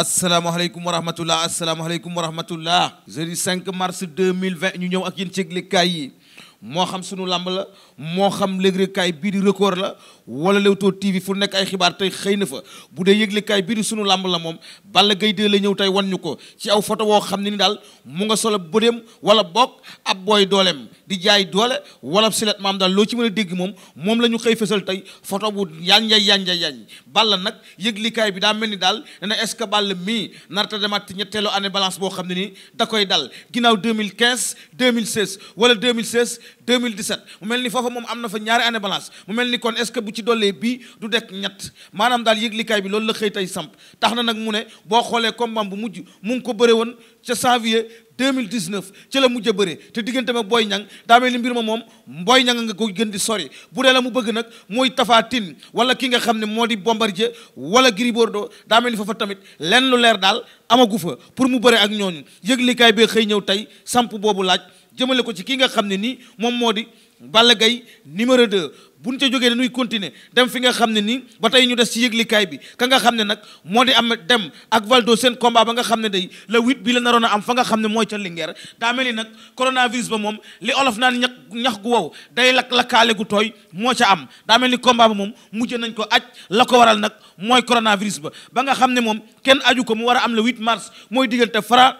asalaamaaleykum wa rahmatullah asalaamaaleykum wa rahmatullah jeudi 5 mars 2020 ñu ñëw ak yéen ci yëglekaay yi moo xam sunu làmb moo xam yëglekaay bii di record la wala Leewtoo TV fu nekk ay xibaar tey xëy na fa bu dee yëglekaay bii di sunu làmb la moom Balla Gaye 2 la ñëw tey wan ñu ko ci aw foto woo xam ni ni daal mu nga solo bëdeem wala bokk ab booy dooleem di jaay doole wala silet maam daal loo ci mën a dégg moom moom la ñu xëy fesal tey photo bu yanjay yanjay yanj Balla nag yëglekaay bi daa mel ni daal dana est-ce que Balla mii narta demaat ci ñetteelu année balance boo xam ne nii da koy dal ginnaaw 2015 2016 wala 2016 2017 mu mel ni foofu foofa moom am na fa ñaari année balance mu mel ni kon est que bu ci dollee bii du dekk ñett maanaam daal yëglikaay bi loolu la xëy tey samp tax na nag mu ne boo xoolee combat bu mujj mu ngi ko bëre woon ca janvier 2019 ci la mujj a te diggante ma Boy Niang daa mel mbir ma moom Boy Niang nga ko gën di bu dee la mu bëgg nag mooy Tapha wala ki nga xam ne moo di Bombardier wala Gris Bordeaux daa mel foofa tamit lenn lu leer daal amagu fa pour mu bëre ak ñooñu yëglikaay bee xëy ñëw tey samp boobu laaj jëmale ko ci ki nga xam ne nii moom moo di Balla gay numéro 2 bu ñu ca jógee nuy continuer dem fi nga xam ne nii ba tey ñu des ci yëglikaay bi ka nga xam ne nag moo di am dem ak Valdo seen combat ba nga xam ne day le huit bi la naroon a am fa nga xam ne mooy ca Linguère daa ni nag coronavirus ba moom li olof naan ñax ñax gu wow day lakk lakkaale gu tooy moo ca am daa mel ni combat ba moom mujj nañ ko aj la ko waral nag mooy coronavirus ba ba nga xam ne moom kenn aju ko mu war a am le 8 mars mooy diggante Fra.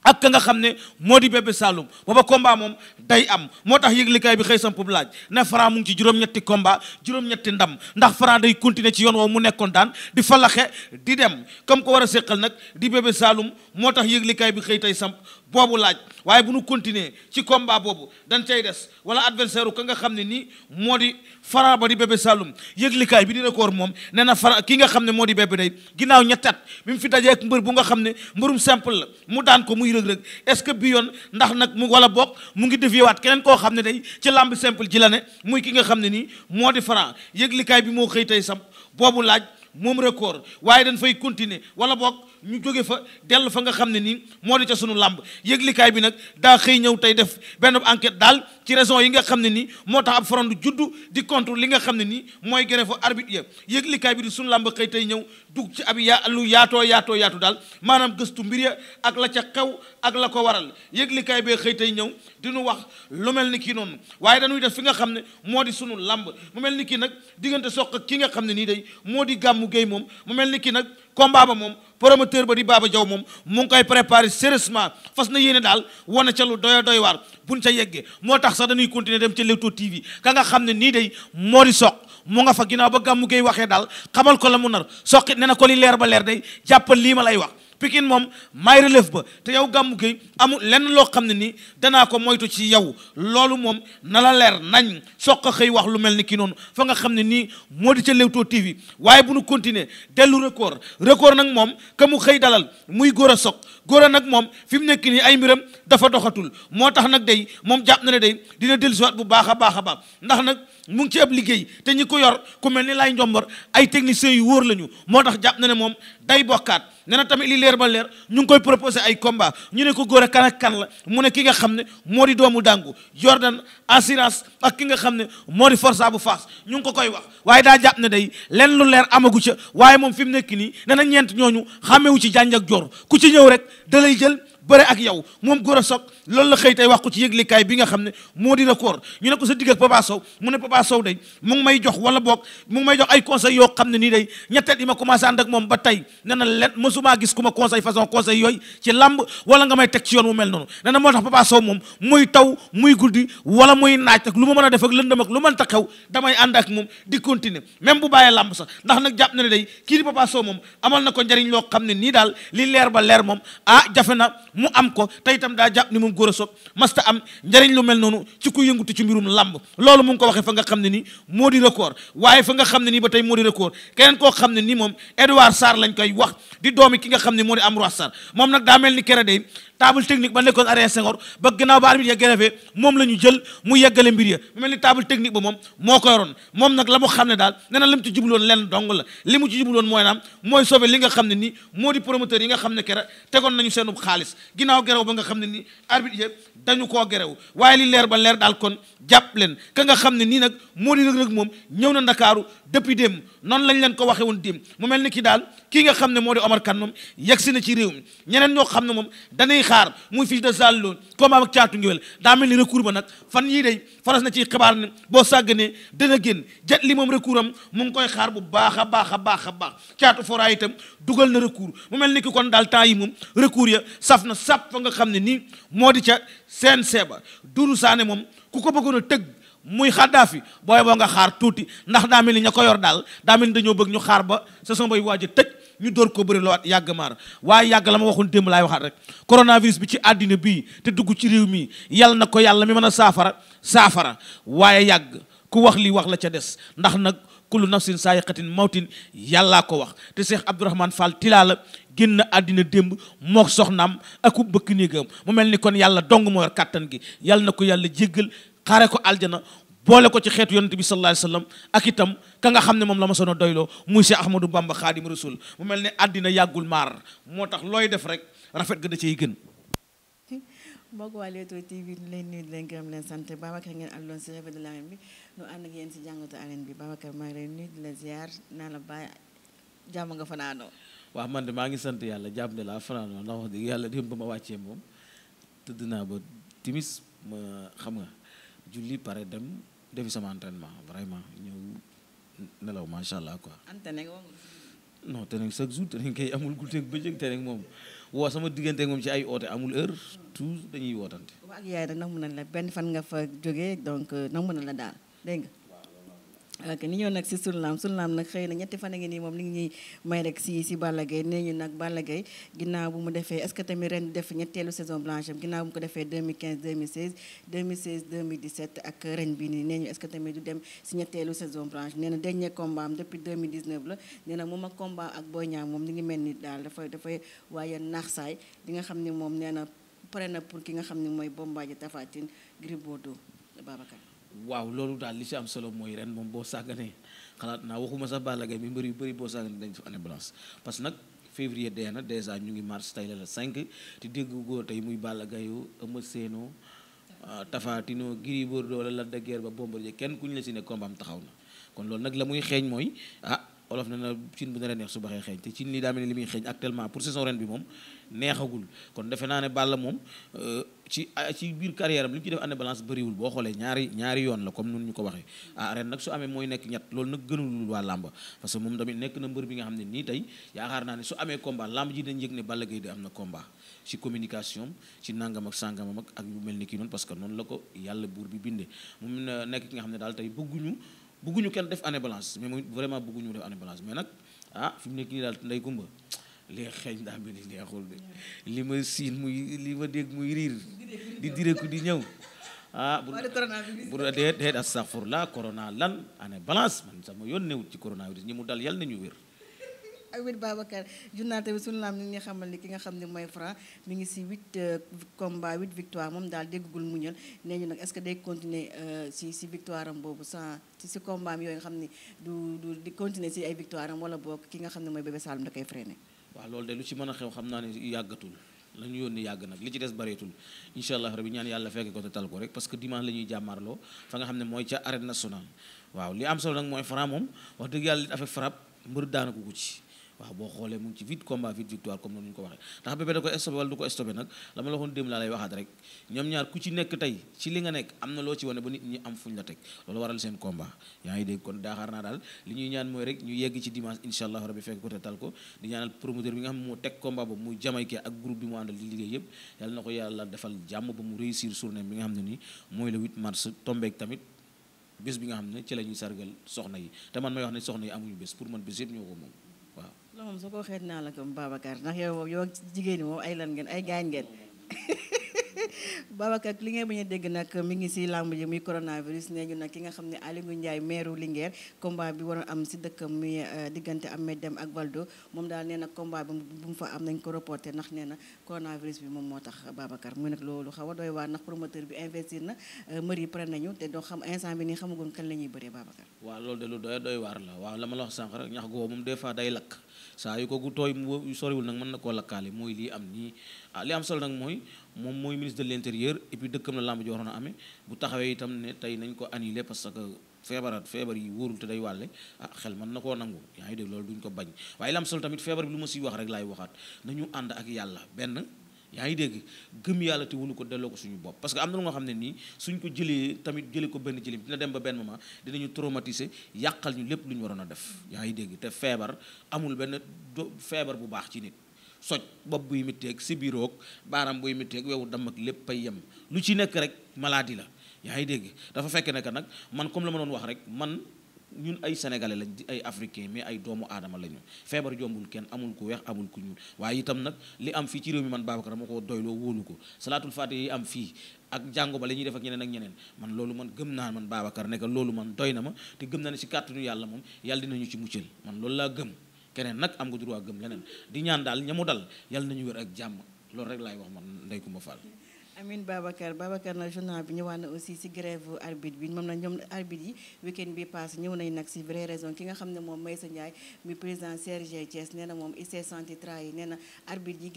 ak ka nga xam ne moo di bébé Saloum booba combat moom day am moo tax yëglikaay bi xëy sam pour laaj ne Franc mu ngi ci juróom-ñetti combat juróom-ñetti ndam ndax Franc day continuer ci yoon woowu mu nekkoon daan di falaxe di dem comme ko war a séqal nag di bébé Saloum moo tax yëglikaay bi xëy tey samp boobu laaj waaye bu nu continuer ci combat boobu dañ cay des wala adversaire ka nga xam ne nii moo di faraa ba di Bébé Saloum yëglikaay bi di record moom nee na Franc ki nga xam ne moo di Bébé day ginnaaw ñetti at bi mu fi dajee mbër bu nga xam ne mbërum simple la mu daan ko muy rëg-rëg est-ce que bi yoon ndax nag mu wala bokk mu ngi def yewaat keneen koo xam ne day ci lamb simple ji la ne muy ki nga xam ne nii moo di Franc yëglikaay bi moo xëy tey sam boobu laaj moom record waaye dañ fay continuer wala boog ñu jóge fa dellu fa nga xam ne nii moo di ca sunu làmb yëglikaay bi nag daa xëy ñëw tey def benn enquête daal ci raison yi nga xam ne nii moo tax ab front juddu di contre li nga xam ne nii mooy grève arbitre ya yëglikaay bi di sunu làmb xëy tey ñëw dugg ci ab ya lu yaatoo yaatoo yaatu daal maanaam gëstu mbir ya ak la ca xew ak la ko waral yëglikaay bee xëy tey ñëw di nu wax lu mel ni kii noonu waaye dañuy def fi nga xam ne moo di sunu làmb mu mel ni kii nag diggante soq ak ki nga xam ne nii day moo di gàmmu géey moom mu mel ni kii nag combat ba moom promoteur ba di Baba Diaw moom mu ngi koy préparé fas na yéene daal wane ca lu doy doy waar buñ ca yeggee moo tax sax dañuy continuer dem ca Leewtoo TV ka nga xam ne nii day moo di soq mu nga fa ginnaaw ba gàmmu géey waxee daal xamal ko la mu nar soqit ne na ko li leer ba leer day jàppal lii ma lay wax pikin moom maay relève ba te yow gàmmu géey amul lenn loo xam ne nii danaa ko moytu ci yow loolu moom na la leer nañ soq a xëy wax lu mel ni ki noonu fa nga xam ne nii moo di ca Leewtoo TV waaye bu nu continuer dellu record record nag moom ka mu xëy dalal muy góor a soq góor a nag moom fi mu nekk nii ay mbiram dafa doxatul moo tax nag day moom jàpp na ne day dina dellusiwaat bu baax a baax a baax nag mu ngi ci ab liggéey te ñi ko yor ku mel ni lay njombor ay techniciens yu wóor lañu moo tax jàpp na ne moom day bokkaat nee na tamit li leer ba leer ñu ngi koy proposé ay combat ñu ne ko góor a kan kan la mu ne ki nga xam ne moo di doomu dàngu Jordan assurance ak ki nga xam ne moo di força bu faas ñu ngi ko koy wax waaye daa jàpp ne day lenn lu leer amagu ca waaye moom fi mu nekk nii nee na ñeent ñooñu xàmmewu ci jànj ak joor ku ci ñëw rek da jël bëre ak yow moom góor a soog loolu la xëy tey wax ku ci yëglikaay bi nga xam ne moo di record ñu ne ko sa digg ak Papa Sow mu ne Papa Sow day mu may jox wala boog mu may jox ay conseils yoo xam ne nii day ñetteel ma commencé ànd ak moom ba tey ne na leen mësumaa ku ma conseil façon conseil yooyu ci làmb wala nga may teg ci yoon wu mel noonu ne na moo tax Papa Sow moom muy taw muy wala muy naaj ak lu ma mën a def ak lëndëm ak lu mën ta xew ànd ak moom di continuer même bu bàyyee làmb sax ndax nag jàpp na ne day kii di Papa Sow moom amal na ko njariñ loo xam ne nii daal li leer ba leer moom ah jafe na mu am ko te tam daa jàpp ni moom Gora Sock masta am njariñ lu mel noonu ci ku yëngutu ci mbirum làmb loolu mu ngi ko waxee fa nga xam ne ni moo di record waaye fa nga xam ne nii ba tey moo di record keneen koo xam ne ni moom Edouard Sarr lañ koy wax di doomi ki nga xam ne moo di Ambroise Sarr moom nag daa mel ni kere de table technique ba nekkoon arrêt Senghor ba gannaaw ba arbitre ya moom la ñu jël mu yeggale mbir ya mu ni table technique ba moom moo ko yoroon moom nag la mu xam ne daal nee na li mu ci jubloon lenn dong la li mu ci jubloon mooy naam mooy sauver li nga xam ne nii moo di promoteur yi nga xam ne kera tegoon nañu seenub xaalis ginnaaw gerew ba nga xam ne nii arbitre dañu koo gerew waaye li leer ba leer daal kon jàpp leen ka nga xam ne nii nag moo di rëg-rëg moom ñëw na ndakaaru depuis démb noonu lañ leen ko waxee woon dim mu mel ni ki daal kii nga xam ne moo di Omar Kane moom yegg si na ci réew mi ñeneen ñoo xam ne moom dañuy xaar muy fils de Zal Lo combat ak caatu ngéwél daa mel ni recours ba nag fan yii day faras na ci xibaar ne boo sàgganee dana génn jet li moom recours am mu ngi koy xaar bu baax a baax a baax baax caatu fora itam dugal na recours mu mel ni ki kon daal temps yi moom recours ya saf na sàpp fa nga xam ne nii moo di ca CNG ba Doudou Sané moom ku ko bëggoon tëgg muy xaddaafi booy boo nga xaar tuuti ndax daa mel ni ña ko yor daal daa mel ni dañoo bëgg ñu xaar ba sa sama bay waaj a tëj ñu door ko bëri lowaat yàgg maar waaye yàgg la ma waxoon démb laay waxaat rek coronavirus bi ci àddina bii te dugg ci réew mi yàlla na ko yàlla mi mën a saafara saafara waaye yàgg ku wax li wax la ca des ndax nag kullu nafsin saayiqatin mawtin yàllaa ko wax te Cheikh Abdourahmane Fall tilaa la génn àddina démb mook soxnaam aku bëkk néegam mu mel ni kon yàlla dong moo yor gi yàlla na ko yàlla jéggal xaare ko aljana boole ko ci xeetu yonente bi sallallahu alayhi wasallam ak itam ka nga xam ne moom la ma sono doyloo muy Cheikh Ahmadou Bamba Khadim Rasoul mu mel ne àddina yàggul maar moo tax looy def rek rafet ga da cey gën mbokk waa Leewtoo TV ñu leen nuyu di leen gërëm leen sant Babacar ngeen àndoon si revue de l'arène bi ñu si jàngatu arène bi Babacar maa ngi lay nuyu di naa la ba jàmm nga fanaanoo waaw man de maa ngi sant yàlla jàmm ne laa fanaanoo ndax wax dëgg yàlla démb ba ma wàccee moom tëdd xam nga julli pare dem defi sama entraînement vraiment ñëw nelaw macha allah quoi. non te nag chaque jour te nag kay amul guddeeg bëccëg te nag moom waa sama diggante moom ci ay oote amul heure tu dañuy wootante. waaw ak yaay rek na mun na la benn fan nga fa jógee donc nag mën na la daal dégg nga. ok ni ñëw nag si sunlaam sunlaam nag xëy na ñetti fan a ngi nii moom li ngi ñuy may rek si si Balla Gaye nee ñu nag Balla Gaye ginnaaw bu mu defee est-ce que tamit ren def ñetteelu saison blanche am ginnaaw bu mu ko defee 2015 2016 2016 2017 ak ren bi nii nee ñu est-ce que tamit du dem si ñetteelu saison blanche nee na dernier combat am depuis 2019 la nee na moom ak combat ak Boy Niang moom li ngi mel ni daal dafay dafay waaye naax saay li nga xam ne moom nee na pare na pour ki nga xam ne mooy Bombardier Tapha Tine Gris Bordeaux Babacar waaw loolu daal li si am solo mooy ren moom boo sàgganee xalaat naa waxuma sax Balla Gaye mi mbër yu bëri boo sàgganee dañ def année blanche parce que nag février dee na dèjà ñu ngi mars tey la la 5 te dégg goo tey muy Balla Gaye Eumeu Sène ah, Tapha Tine Gris Bordeaux la Lac de Guiers ba Bombardier kenn ku ñu la si ne combat am taxaw na kon loolu nag la muy xeeñ mooy ah olof na na cin bu na neex su baxee xeeñ te cin lii daa mel li muy xeeñ actuellement pour saison ren bi moom neexagul kon defe naa ne Balla moom euh, ci ci biir carrière am li mu ci def année balance bëriwul boo xoolee ñaari ñaari yoon la comme nun ñu ko waxee ah ren nag su amee mooy nekk ñett loolu nag gënalul waa làmba parce que nekk na mbër bi nga xam ne nii tey yaakaar naa ne su amee combat làmb ji dañ yëg ne Balla Gaye de am na combat ci communication ci nangam ak sàngam ak ak yu mel ni kii noonu parce que noonu la ko yàlla buur bi bindee mu na nekk ki nga xam ne daal tey bëgguñu bëgguñu kenn def année balance mais moom bëgguñu def année balance mais nag ah fi mu nekk lee xeeñ daa mel ni neexul de li ma siin muy li ma dégg muy riir di direku di ñëw ah bu dee dee astaghfirullah corona lan ane balance man sama yoon newut ci coronavirus ñi mu dal yal nañu wér awit Babacar journal tamit suñu laam ni nga xamal ni ki nga xam ne mooy Franc mi ngi si huit euh, combat huit victoire moom daal déggagul muñal nee ñu nag est-ce que day continuer euh, si si victoire boobu saa ci si combat am yooyu nga xam ni du du di continuer si ay victoire am wala ki nga xam ne mooy Bébé Saloum da koy freiné waaw loolu de lu ci mën a xew xam naa ne yàggatul la ñu yónni yàgg nag li ci des bareetul incha allah rabi ñaan yàlla fekke ko te tal ko rek parce que dimanche la ñuy fa nga xam ne mooy ca arène nationale waaw li am solo nag mooy Franc moom wax dëgg yàlla li affaire frappe mbër daana ci waaw boo xoolee mu ngi ci vite combat vite victoire comme noonu ñu ko waxee ndax bébé da ko stoppé wala du ko stoppé nag la ma la waxoon laa lay waxaat rek ñoom ñaar ku ci nekk tey ci li nga nekk am na loo ci wane ba nit ñi am fuñ la teg yaa ngi dégg kon daaxaar naa daal li ñuy ñaan mooy rek ñu yegg ci dimanche incha allah rabbi fekk ko te tal ko di ñaanal promoteur bi nga xam moo teg combat boobu muy jamaykee ak groupe bi mu àndal di liggéey xam ne nii mooy le 8 mars tombeek tamit bés bi nga xam ne ci la ñuy sargal soxna yi te man may wax ne soxna yi amuñu bés pour man bés yëpp ñoo ko moom loolu moom su ko xeet naa la ko Babacar ndax yow yow jigéen ñi moom ay lan ngeen ay gaañ ngeen Babacar li ngay bañ a dégg nag mi ngi si làmb ji muy coronavirus nee ñu nag ki nga xam ne Aliou Ndiaye meeru Linguère combat bi a am si dëkk muy euh, diggante Ahmed Deme ak Valdo moom daal nee na combat mu fa am nañ ko reporté ndax nee na coronavirus bi moom moo tax Babacar muy nag loolu xaw a doy waar ndax bi investir na euh, mbër yi pare nañu te doo xam instant bi nii xamagoon kan la ñuy bëree Babacar. waaw loolu de lu doy doy waar la waaw la ma la wax sànq rek ñax googu moom des fois day lakk saa yu ko gu tooy mu soriwul nag mën na koo lakkaale mooy lii am nii ah li am solo nag mooy moom mooy ministre de l'intérieur et puis dëkkam na làmb ji waroon bu taxawee itam ne tey nañ ko annulé parce que feebaraat feebar yi wóorul te day wàlle ah xel mën na koo nangu yaa ngi dégg loolu duñ ko bañ waaye lam solo tamit feebar bi lu ma si wax rek laay waxaat nañu ànd ak yàlla benn yaa ngi dégg gëm yàlla te wunu ko delloo ko suñu bopp parce que am na lu nga xam ne nii suñ ko jëlee tamit jëlee ko benn jëlim dina dem ba benn ma dinañu traumatiser yàqa ñu lépp lu ñu waroon a def yaa ngi dégg te feebar amul benn feebar bu baax ci nit soj bopp buy mitteeg sibiroog baaram buy mitteeg wewu dam ak lépp ay yem lu ci nekk rek maladie la yaa ngi dégg dafa fekk ne nag man comme la ma doon wax rek man ñun ay sénégalais lañ ay africain mais ay doomu aadama la ñu feebar jombul kenn amul ku weex amul ku ñuul waaye itam nag li am fii ci réew mi man Babacar ma ko doyloo wóolu ko salaatul faate yi am fii ak jàngo ba la ñuy def ak ñeneen ak ñeneen man loolu man gëm naa man Babacar ne loolu man doy na ma te gëm na ne si kàttanu yàlla moom yàlla dinañu ci muccal man loolu laa gëm keneen nag am nga droit gëm leneen di ñaan daal ñamu dal yàlla nañu wér ak jàmm loolu rek laay wax man Ndeye Coumba Fall Amin Babacar Babacar na journal bi ñëwaat aussi si grève arbitre bi moom na ñoom arbitre yi week-end bi ki nga xam ne moom Maysa Ndiaye mi président CRG Thiès nee na moom il s'est senti trahi nee na arbitre yi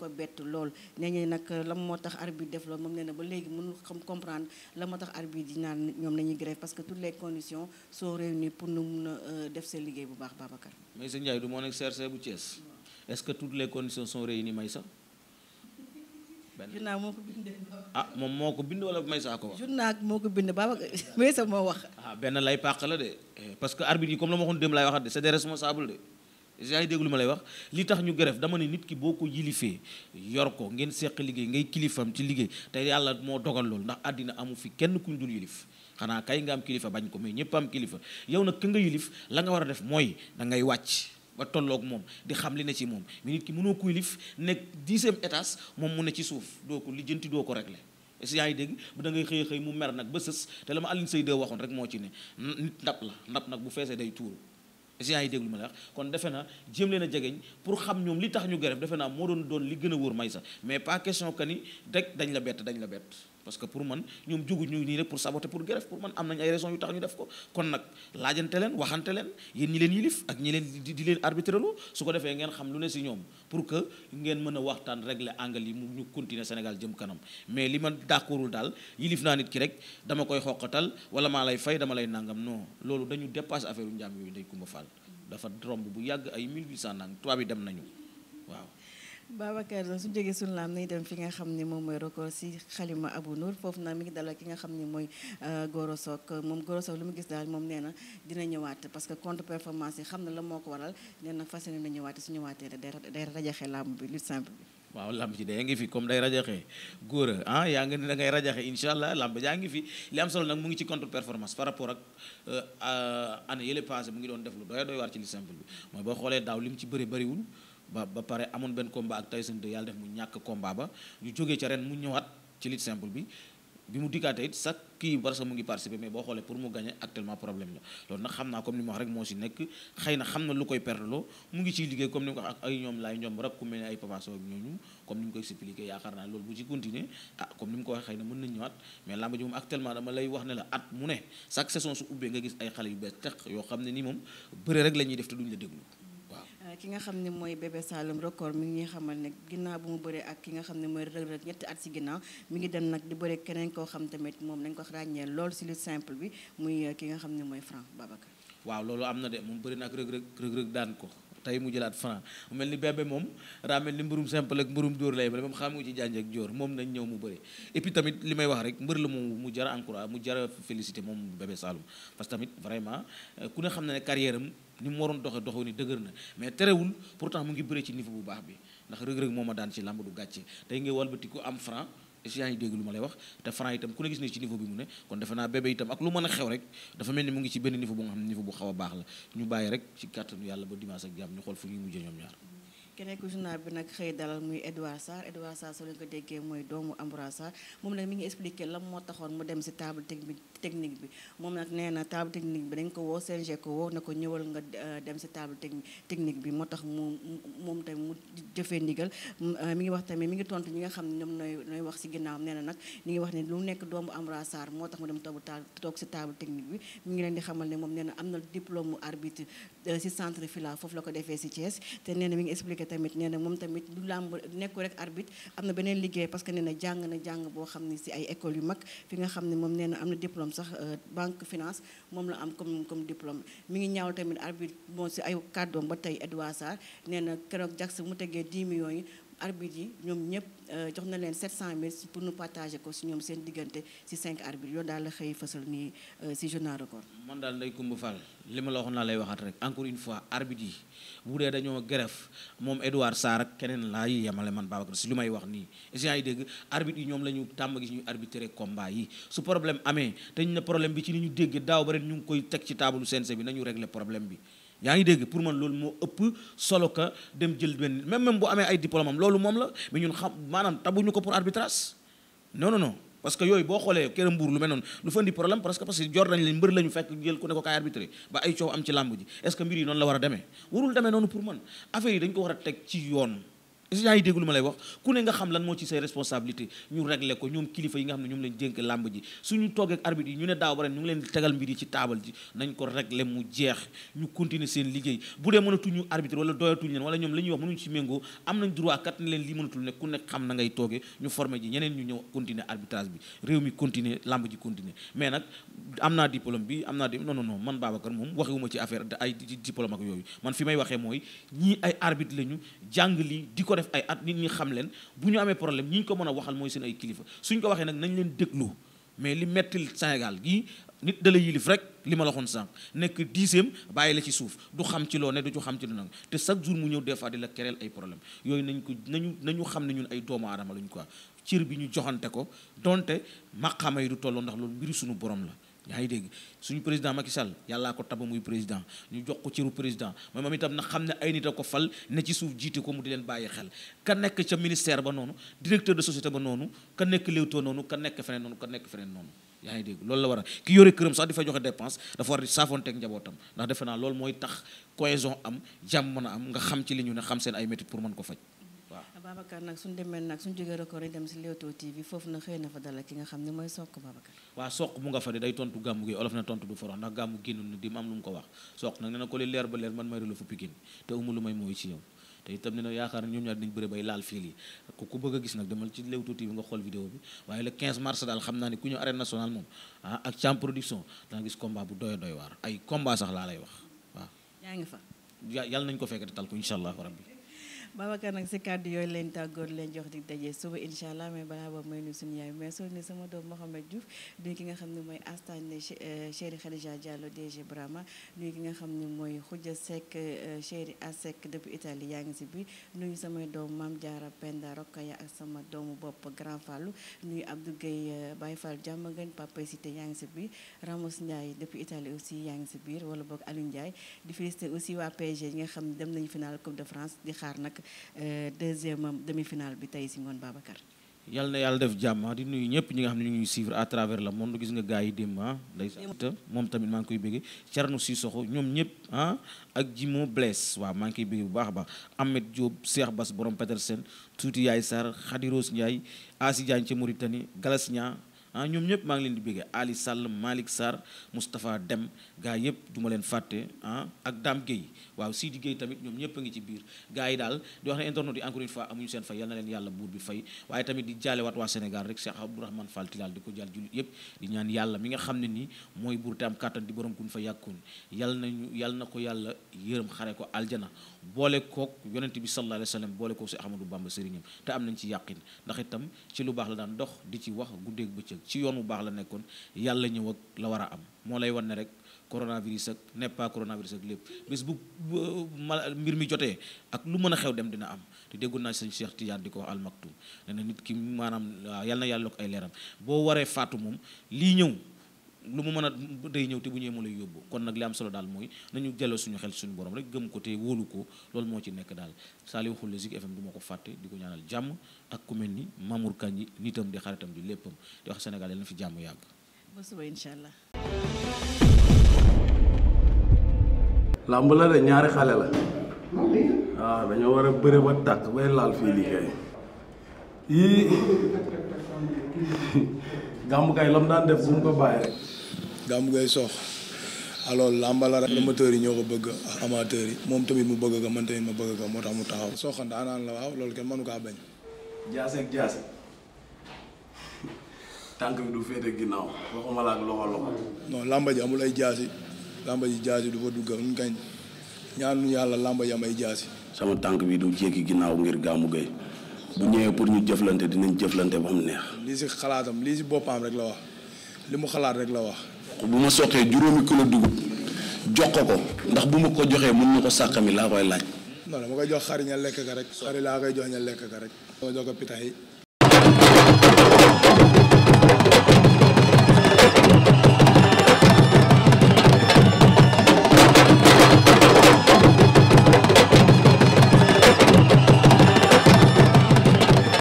ko bett lool nee nañ nag la moo tax arbitre def lool moom ba léegi mënul xam comprendre la moo tax arbitre yi naan ñoom nañuy grève parce que toutes les conditions sont réunies pour a euh, def seen liggéey bu baax Babacar Maysa Ndiaye du moo nekk CRG bu Thiès est-ce que toutes les conditions sont réunies Maysa journal moo ko bind. ah moom moo ko bind wala Maysa ko wax. journal moo ko bind Baba Maysa moo wax. ah benn lay pàq la de eh, parce que arbitre yi comme la ma waxoon dem lay waxaat de c'est des responsables de. yaa ngi dégg lu ma lay wax li tax ñu grève dama ne nit ki boo ko yilifee yor ko ngeen seq liggéey ngay kilifam ci liggéey te yàlla moo dogal loolu ndax àddina amu fi kenn kuñ dul yilif xanaa kay nga am kilifa bañ ko mais ñëpp am kilifa yow nag ki nga yilif la nga war a def mooy da ngay wàcc. ba tolloog moom di xam li ne ci moom mais nit ki mënoo kuy lif nekk dixième étage moom mu ne ci suuf doo ko lijjanti doo ko régler si yaa ngi dégg bu da ngay xëy xëy mu mer nag ba sës te la ma Alioune Seye de waxoon rek moo ci ne nit ndab la ndab nag bu feesee day tuuru si yaa ngi dégg lu ma la kon defe na jéem leen a jegeñ pour xam ñoom li tax ñu garab defe naa moo doon doon li gën a wóor may sax mais pas question que ni rek dañ la bett dañ la bett parce que pour man ñoom jógu ñu nii rek pour saboter pour grève pour man am nañ ay raison yu tax ñu def ko kon nag laajante leen waxante leen yéen ñi leen yilif ak ñi leen di leen arbitrelu su ko defee ngeen xam lu ne si ñoom pour que ngeen mën a waxtaan régler angle yi mu ñu continuer Sénégal jëm kanam mais li ma d'accordul daal yilif naa nit ki rek dama koy xoqatal wala maa lay fay dama lay nangam non loolu dañu dépassé affaire u njaam yooyu day faal dafa romb bu yàgg ay 1800 nang tubaab yi dem nañu waaw Babacar su jógee suñu laam nañ dem fi nga xam ne moom mooy record si xalima Abou Nour foofu nag mi ngi dalal ki nga xam ne mooy euh, Goro Sock moom Goro Sock lu mu gis daal moom nee na dina ñëwaat parce que contre performance yi xam na la moo ko waral nee na fas yéene na ñëwaat su ñëwaatee day day rajaxe lamb bi lu simple bi. waaw lamb ci dee ngi fi comme day rajaxe góor ah yaa ngi ne da ngay rajaxe incha allah lamb yaa ngi fi li am solo nag mu ngi ci contre performance par rapport ak euh, euh, année yële passé mu ngi doon def lu doy doy waar ci lu simple bi mooy boo xoolee daaw li mu ci bëri bëriwul. ba ba pare amoon benn combat ak Tyson 2 yàlla def mu ñàkk combat ba ñu jógee ca ren mu ñëwaat ci lutte simple bi bi mu dikkaatee it sax kii parce que mu ngi participer mais boo xoolee pour mu gagner actuellement problème la loolu nag xam naa comme ni ma wax rek moo si nekk xëy na xam na lu koy perteloo mu ngi ciy liggéey comme ni ma ko wax ak ay naa loolu ci continuer ah comme ni mu ko waxee xëy na mën nañ ñëwaat mais làmb moom actuellement dama ni moom bëre ñuy def te duñ Euh, ki nga xam ne mooy bébé Saloum record mi ngi ñuy xamal ne ginnaaw bu mu bëree ak ki nga xam ne mooy Reug Reug ñetti at si ginnaaw mi ngi dem nag di bëre keneen koo xam moom nañ ko ràññee lool si lu simple bi muy euh, ki nga ne mooy Franc Babacar. waaw loolu am na de moom bëri na ak Reug Reug Reug Reug daan ko tey mu jëlaat Franc mu mel ni bébé moom daa mel ni mbirum simple ak mbirum dóor lay moom xam nga ci jànj ak jóor moom nañ ñëw mu bëri et tamit li may wax rek mbër la mu mu jara encourage mu jara félicité moom bébé Saloum parce que tamit vraiment euh, ku ne xam na ne carrière am ni mu waroon doxe doxewu ni dëgër na mais terewul pourtant mu ngi bëre ci niveau bu baax bi ndax rëg-rëg moo ma daan ci làmb du gàcce tey ngay walbati ku am franc si yaa ngi dégg lu ma lay wax te franc itam ku ne gis ne ci niveau bi mu ne kon defe naa bébé itam ak lu mën a xew rek dafa mel ni mu ngi ci benn niveau bu nga xam ne niveau bu xaw a baax la ñu bàyyi rek ci kàttanu yàlla ba dimanche ak jàmm ñu xool fu ñuy mujjee ñoom ñaar keneen ku bi nag xëy dalal muy Edouard Sarr Edouard Sarr soo leen ko déggee mooy doomu Ambroise moom nag mi ngi expliqué lan moo taxoon mu dem si table technique technique bi moom nag nee na table technique bi dañ ko woo CNG ko woo na ko ñëwal nga euh, dem si table technique bi moo tax mu moom tamit mu jëfee ndigal euh, mi ngi wax tamit mi ngi tontu ñi nga xam ne ñoom nooy nooy wax si ginnaawam nee na nag mi ngi wax ne lu nekk doomu Ambroise Sarr moo tax mu dem toogu ta toog si table technique bi mi ngi leen di xamal ne moom nee na am na diplôme arbitre si euh, centre Fila foofu la ko defee si Thiès te nee na tamit nee na moom tamit du làmb nekku rek arbitre am na beneen liggéey parce que nee na jàng na jàng boo xam ne si ay école yu mag fi nga xam ne moom nee na am na diplôme sax euh, banque finance moom la am comme comme diplôme mi ngi ñaaw tamit arbitre bon si ay kàddoom ba tey Edouard Sarr nee na keroog Jax mu tegee 10 millions yi arbitre yi ñoom ñëpp euh, jox na leen 700000 pour ñu partager ko si ñoom seen diggante si 5 arbitres yoon daal la xëy fësal nii euh, si journal record. man daal Ndeye lay waxaat rek encore fois arbitre yi moom Edouard Sarr keneen laa yi yemale man Babacar si lu may wax nii. échéant yi dégg arbitre yi ñoom la ñu tàmm gis ñuy arbitrer combat yi su problème amee te ñu ne problème bi ci ni ñu dégg daaw ba ñu ngi koy teg ci taabalu CNG bi nañu régler problème bi. yaa ngi dégg pour man loolu moo ëpp solo dem jël benn même même bu amee ay diplôme am loolu moom la mais ñun xam maanaam tabuñu ko pour arbitrage non non non parce que yooyu boo xoolee kër Mbour lu mel noonu lu fa indi problème parce que parce que jor nañ leen lañu fekk jël ku ne kaay arbitré ba ay coow am ci làmb ji est ce que mbir yi noonu la war a demee warul demee noonu pour man affaire yi dañ ko war a teg ci yoon yaa ngi dégg lu lay wax ku ne nga xam lan moo ci say responsabilité ñu régler ko ñoom kilifa yi nga xam ne ñoom leen tegal bu dee mënatuñu arbitre wala doyatuñu la ñuy wax mënuñu ci méngoo am nañ droit kat ne lii na ngay toogee ñu formé ji ñeneen ñu ñëw continuer arbitrage bi réew mi di non non def ay at nit ñi xam leen bu ñu amee problème ñi ñu ko mën a waxal mooy seen ay kilifa suñ ko waxee nag nañ leen déglu mais li metti Sénégal gii nit da la yilif rek li ma la waxoon sànq nekk dixième bàyyi la ci suuf du xam ci loo ne du ci xam ci lu nag te chaque jour mu ñëw des fois di la kereel ay problème yooyu nañ ko nañu nañu xam ne ñun ay doomu aadama lañ quoi cër bi ñu joxante ko donte maqaama yi du tolloo ndax loolu mbiru suñu borom la yaa ngi dégg suñu président Macky Sall yàllaa ko taba muy président ñu jox ko cëru président mooy moom itam na xam ne ay nit a ko fal ne ci suuf jiite ko mu di leen bàyyi xel ka nekk ca ministère ba noonu directeur de société ba noonu ka nekk Leewtoo noonu ka nekk feneen noonu ka nekk feneen noonu yaa ngi dégg loolu la war a ki yore këram sax di fa joxe dépense dafa war di saafoonteeg njabootam ndax defe naa loolu mooy tax cohésion am jàmm mën a am nga xam ci li ñu ne xam seen ay métit pour mën ko faj Babacar nag suñu demee nag suñu jógee record yi dem si Leewtoo TV foofu na xëy na fa dalal ki nga xam ne mooy Sokh Babacar waaw Sokh mu nga fa de day tontu gàmmu gi olof na tontu du forox ndax gàmmu génnul di mu lu mu ko wax Sokh nag nee na ko li leer ba leer man may relu fu Pikine te umu lu may mooy ci yow te itam ne na yaakaar ñoom ñaar dañu bëre bay laal fii lii ku a gis nag demal ci bi ah, ak Thiam danga gis combat bu doy waar ay combat sax Babacar nag si kàddu yooyu leen tàggoor leen jox di daje suba incha allah mais balaa boobu may nuyu suñu yaay mais soo ni sama doom Mouhamed Diouf nuyu ki nga xam ne mooy Astane euh, chéri Khadija Diallo DG Brahma nuyu nga xam ne mooy Khoudia Seck euh, chéri Asek depuis Italie yaa ngi si biir nuyu samay doom Mame Diarra Penda Rokhaya ak sama doomu bopp Grand Fallou nuyu Abdou Gueye euh, Baye jàmm Diamaguène Papa Cité yaa ngi si biir Ramos Ndiaye depuis Italie aussi yaa ngi si biir wala boog Aliou Ndiaye di félicité aussi waa PSG yi nga xam dem nañu finale Coupe de France di xaar nag Euh, deuxième demi-finale bi tey si ngoon Babacar. yàlla na yàlla def jàmm di nuyu ñëpp ñi nga xam ne ñu ngi suivre à travers le monde gis nga gars yi démb ah. ndeysaan moom tamit maa ngi koy bëggee Thierno Sissoko ñoom ñëpp ah ak Jimo Blaise waaw maa ngi koy bëggee bu baax a baax Ahmed Diop Cheikh Bass borom Petersen tuuti Yaay Sarr Khady Rose Ndiaye Asi Diagne ca Mauritanie Galas Niang ah ñoom ñëpp maa ngi leen di béggee Ali Sall Malick Sarr Moustapha Dem gaa yëpp du ma leen fàtte ah ak Dame Guèye waaw Sidi Guèye tamit ñoom ñëpp a ngi ci biir gaa yi daal di wax ne internet yi encore une fois amuñu seen fa yal na leen yàlla buur bi fay waaye tamit di jaalewaat waa Sénégal rek Cheikh Abdourahmane Fall Tilal di ko jaal jullit yëpp di ñaan yàlla mi nga xam ne nii mooy buur te am kàttan di borom kun fa yàkkoon yal ñu yal na ko yàlla yërëm xare ko aljana boole kook yonent bi sallallahu alayhi wa sallam boole kook si Ahmadou Bamba sëriñam te am nañ ci yàqin ndax itam ci lu baax la daan dox di ci wax guddeeg bëccëg ci yoon bu baax la nekkoon yàlla ñëw ak la war a am moo lay wan ne rek coronavirus ak n'est pas coronavirus ak lépp bés bu mal mbir mi jotee ak lu mën a xew dem dina am te déggoon naa sëñ Cheikh Tidiane di ko wax almaktum ne na nit ki maanaam yàlla na yàlla ko ay leeram boo waree faatu moom lii ñëw lu mu mën a day ñëw te bu ñëwee mu lay yóbbu kon nag li am solo daal mooy nañu jëlal suñu xel suñu borom rek gëm ko te wóolu ko loolu moo ci nekk daal Saliou Khoule Zik FM du ma ko fàtte di ko ak ku mel ni Mamour Kandji nitam di xaritam di léppam di wax Sénégal yal fi jàmm yàgg. ba suba incha làmb la de ñaari xale la. waaw ah, dañoo war a bëre ba tàkk bay laal fii liggéey yii gàmmu kay lam daan def bu mu ko bàyyi Gamou Gueye Sokh alors làmba la rek amateurs yi ñoo ko bëgg ak yi moom tamit mu bëgg ko man tamit ma bëgg ko moo tax mu taxaw Sokh daanaan la waaw loolu kenn mënu kaa bañ jaase ak tànk bi du féete ginnaaw làmba ji amul ay jaasi làmba ji jaasi du fa dugga ñu ñaanu yàlla làmba ji am ay jaasi sama tànk bi du jékki ginnaaw ngir Gamou Gueye bu ñëwee pour ñu jëflante dinañ jëflante ba mu neex lii si xalaatam lii si boppam rek la wax li mu xalaat rek la wax bu ma soqee juróomi kilo dugub jox ko ndax bu ma ko joxee mën na ko sàkkami laa koy laaj. non ma koy jox xar ña lekk ka rek. xari laa koy jox ña lekk ka rek. ma jox ko pitax yi.